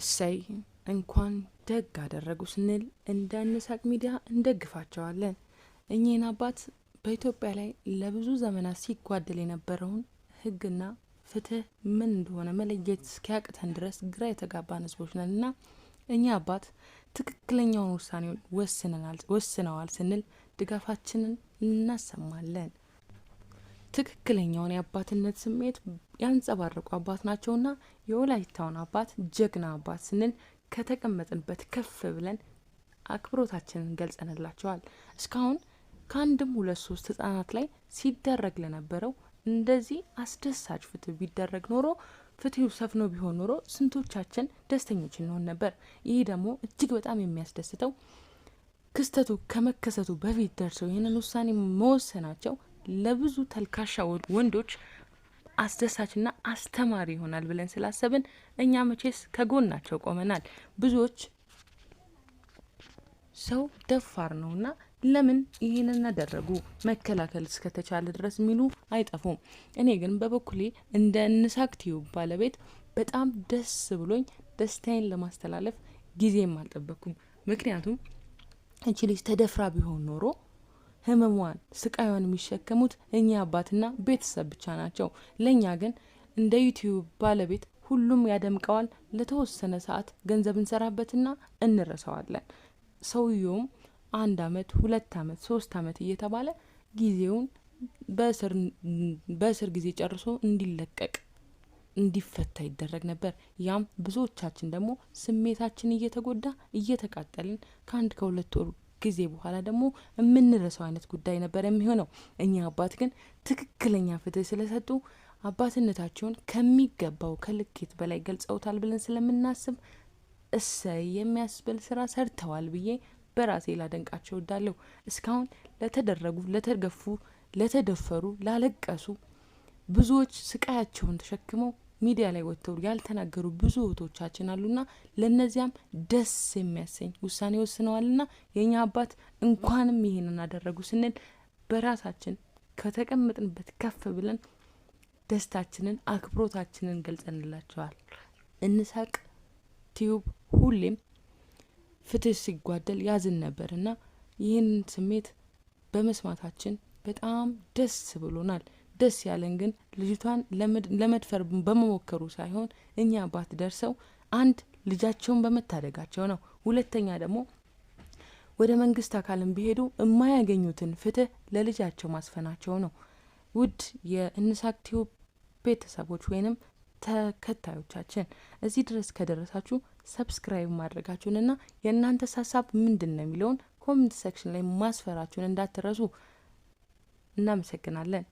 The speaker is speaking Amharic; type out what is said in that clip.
እሰይ እንኳን ደግ አደረጉ ስንል እንደ እንሳቅ ሚዲያ እንደግፋቸዋለን። እኚህን አባት በኢትዮጵያ ላይ ለብዙ ዘመናት ሲጓደል የነበረውን ሕግና ፍትህ ምን እንደሆነ መለየት እስኪያቅተን ድረስ ግራ የተጋባን ህዝቦች ነን እና እኚህ አባት ትክክለኛውን ውሳኔውን ወስነዋል ስንል ድጋፋችንን እናሰማለን። ትክክለኛውን የአባትነት ስሜት ያንጸባረቁ አባት ናቸውና የወላይታውን አባት ጀግና አባት ስንል ከተቀመጥንበት ከፍ ብለን አክብሮታችንን ገልጸንላቸዋል። እስካሁን ከአንድም ሁለት ሶስት ህጻናት ላይ ሲደረግ ለነበረው እንደዚህ አስደሳች ፍትህ ቢደረግ ኖሮ ፍትሁ ሰፍኖ ቢሆን ኖሮ ስንቶቻችን ደስተኞች እንሆን ነበር። ይህ ደግሞ እጅግ በጣም የሚያስደስተው ክስተቱ ከመከሰቱ በፊት ደርሰው ይህንን ውሳኔ መወሰናቸው ለብዙ ተልካሻ ወንዶች አስደሳችና አስተማሪ ይሆናል ብለን ስላሰብን እኛ መቼስ ከጎናቸው ቆመናል። ብዙዎች ሰው ደፋር ነውና ለምን ይህንን አደረጉ መከላከል እስከተቻለ ድረስ የሚሉ አይጠፉም። እኔ ግን በበኩሌ እንደ እንሳክቲዩ ባለቤት በጣም ደስ ብሎኝ ደስታዬን ለማስተላለፍ ጊዜም አልጠበኩም። ምክንያቱም እቺ ልጅ ተደፍራ ቢሆን ኖሮ ህመሟን፣ ስቃዩን የሚሸከሙት እኛ አባትና ቤተሰብ ብቻ ናቸው። ለእኛ ግን እንደ ዩቲዩብ ባለቤት ሁሉም ያደምቀዋል። ለተወሰነ ሰዓት ገንዘብ እንሰራበትና እንረሳዋለን። ሰውየውም አንድ አመት፣ ሁለት አመት፣ ሶስት አመት እየተባለ ጊዜውን በእስር ጊዜ ጨርሶ እንዲለቀቅ እንዲፈታ ይደረግ ነበር። ያም ብዙዎቻችን ደግሞ ስሜታችን እየተጎዳ እየተቃጠልን ከአንድ ከሁለት ወር ጊዜ በኋላ ደግሞ የምንረሰው አይነት ጉዳይ ነበር የሚሆነው። እኛ አባት ግን ትክክለኛ ፍትህ ስለሰጡ አባትነታቸውን ከሚገባው ከልኬት በላይ ገልጸውታል ብለን ስለምናስብ እሰይ የሚያስብል ስራ ሰርተዋል ብዬ በራሴ ላደንቃቸው እወዳለሁ። እስካሁን ለተደረጉ፣ ለተገፉ፣ ለተደፈሩ፣ ላለቀሱ ብዙዎች ስቃያቸውን ተሸክመው ሚዲያ ላይ ወጥተው ያልተናገሩ ብዙ እህቶቻችን አሉና ለእነዚያም ደስ የሚያሰኝ ውሳኔ ወስነዋልና የእኛ አባት እንኳንም ይሄንን አደረጉ ስንል በራሳችን ከተቀመጥንበት ከፍ ብለን ደስታችንን አክብሮታችንን ገልጸንላቸዋል። እንሳቅ ቲዩብ ሁሌም ፍትህ ሲጓደል ያዝን ነበርና ይህንን ስሜት በመስማታችን በጣም ደስ ብሎናል። ደስ ያለን ግን ልጅቷን ለመድፈር በመሞከሩ ሳይሆን እኛ ባት ደርሰው አንድ ልጃቸውን በመታደጋቸው ነው። ሁለተኛ ደግሞ ወደ መንግስት አካልን ቢሄዱ የማያገኙትን ፍትህ ለልጃቸው ማስፈናቸው ነው። ውድ የእንሳክቲው ቤተሰቦች ወይንም ተከታዮቻችን እዚህ ድረስ ከደረሳችሁ ሰብስክራይብ ማድረጋችሁንና የእናንተ ሀሳብ ምንድን ነው የሚለውን ኮሜንት ሴክሽን ላይ ማስፈራችሁን እንዳትረሱ። እናመሰግናለን።